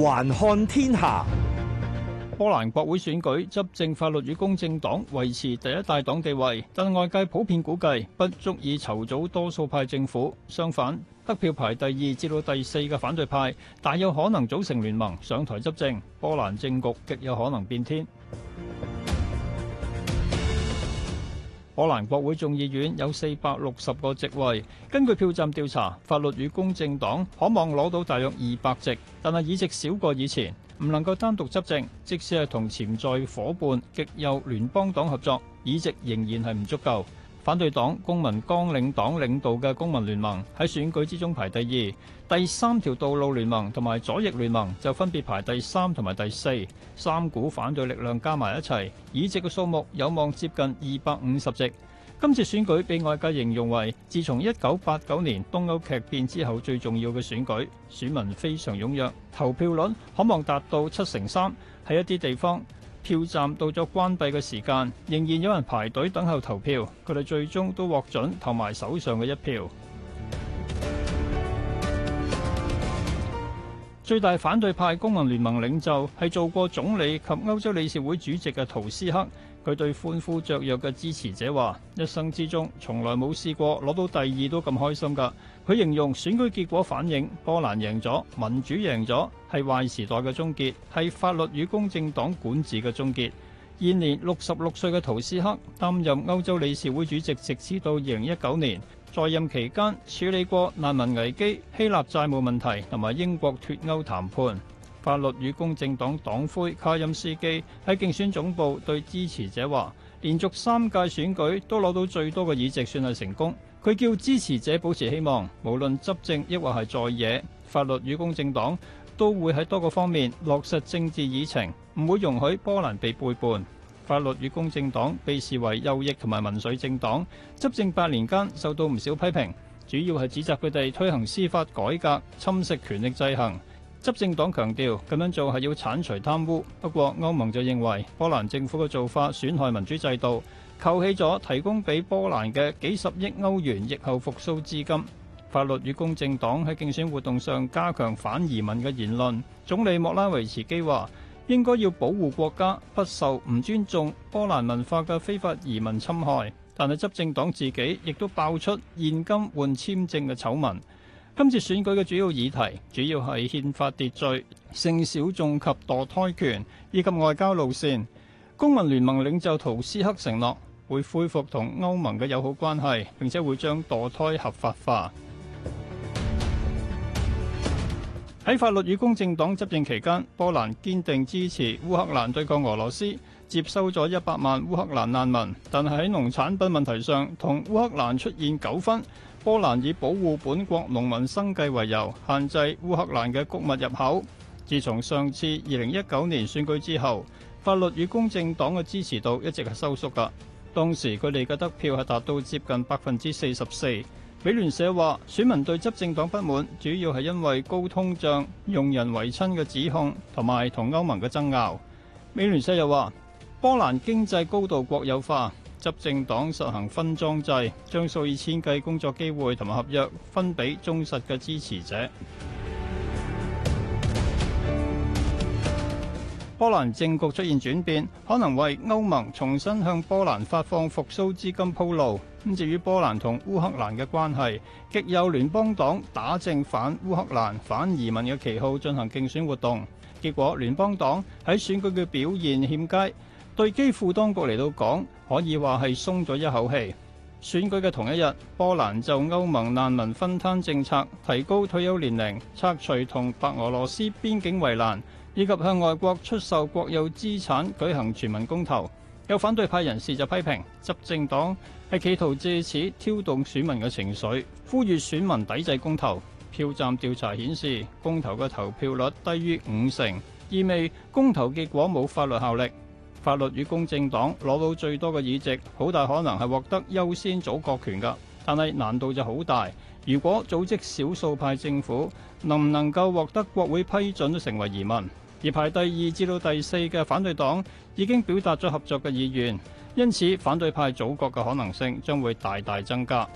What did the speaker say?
環看天下，波蘭國會選舉，執政法律與公正黨維持第一大黨地位，但外界普遍估計不足以籌組多數派政府。相反，得票排第二至到第四嘅反對派大有可能組成聯盟上台執政，波蘭政局極有可能變天。波蘭國會眾議院有四百六十個席位，根據票站調查，法律與公正黨可望攞到大約二百席，但係議席少過以前，唔能夠單獨執政。即使係同潛在夥伴極右聯邦黨合作，議席仍然係唔足夠。反對黨公民綱領黨領導嘅公民聯盟喺選舉之中排第二，第三條道路聯盟同埋左翼聯盟就分別排第三同埋第四，三股反對力量加埋一齊，議席嘅數目有望接近二百五十席。今次選舉被外界形容為自從一九八九年東歐劇變之後最重要嘅選舉，選民非常踴躍，投票率可望達到七成三，喺一啲地方，票站到咗關閉嘅時間，仍然有人排隊等候投票。佢哋最終都獲准投埋手上嘅一票。 最大反對派公民聯盟領袖係做過總理及歐洲理事會主席嘅圖斯克，佢對歡呼雀躍嘅支持者話：一生之中從來冇試過攞到第二都咁開心噶。佢形容選舉結果反映波蘭贏咗，民主贏咗，係壞時代嘅終結，係法律與公正黨管治嘅終結。現年六十六歲嘅陶斯克擔任歐洲理事會主席，直至到二零一九年，在任期間處理過難民危機、希臘債務問題同埋英國脱歐談判。法律與公正黨黨魁卡欽斯基喺競選總部對支持者話：連續三屆選舉都攞到最多嘅議席，算係成功。佢叫支持者保持希望，無論執政抑或係在野，法律與公正黨都會喺多個方面落實政治議程，唔會容許波蘭被背叛。法律與公正黨被視為右翼同埋民粹政黨，執政八年間受到唔少批評，主要係指責佢哋推行司法改革，侵蝕權力制衡。執政黨強調咁樣做係要剷除貪污，不過歐盟就認為波蘭政府嘅做法損害民主制度，扣起咗提供俾波蘭嘅幾十億歐元疫後復甦資金。法律與公正黨喺競選活動上加強反移民嘅言論，總理莫拉維茨基話應該要保護國家不受唔尊重波蘭文化嘅非法移民侵害。但係執政黨自己亦都爆出現金換簽證嘅醜聞。今次選舉嘅主要議題，主要係憲法秩序、性小眾及墮胎權，以及外交路線。公民聯盟領袖圖斯克承諾會恢復同歐盟嘅友好關係，並且會將墮胎合法化。喺法律與公正黨執政期間，波蘭堅定支持烏克蘭對抗俄羅斯。接收咗一百萬烏克蘭難民，但係喺農產品問題上同烏克蘭出現糾紛。波蘭以保護本國農民生計為由，限制烏克蘭嘅谷物入口。自從上次二零一九年選舉之後，法律與公正黨嘅支持度一直係收縮㗎。當時佢哋嘅得票係達到接近百分之四十四。美聯社話，選民對執政黨不滿，主要係因為高通脹、用人為親嘅指控同埋同歐盟嘅爭拗。美聯社又話。波蘭經濟高度國有化，執政黨實行分贓制，將數以千計工作機會同埋合約分俾忠實嘅支持者。波蘭政局出現轉變，可能為歐盟重新向波蘭發放復甦資金鋪路。咁至於波蘭同烏克蘭嘅關係，極右聯邦黨打正反烏克蘭、反移民嘅旗號進行競選活動，結果聯邦黨喺選舉嘅表現欠佳。對基輔當局嚟到講，可以話係鬆咗一口氣。選舉嘅同一日，波蘭就歐盟難民分攤政策、提高退休年齡、拆除同白俄羅斯邊境圍欄，以及向外國出售國有資產舉行全民公投。有反對派人士就批評執政黨係企圖借此挑動選民嘅情緒，呼籲選民抵制公投。票站調查顯示，公投嘅投票率低於五成，意味公投結果冇法律效力。法律與公正黨攞到最多嘅議席，好大可能係獲得優先組閣權㗎，但係難度就好大。如果組織少數派政府，能唔能夠獲得國會批准都成為疑問。而排第二至到第四嘅反對黨已經表達咗合作嘅意願，因此反對派組閣嘅可能性將會大大增加。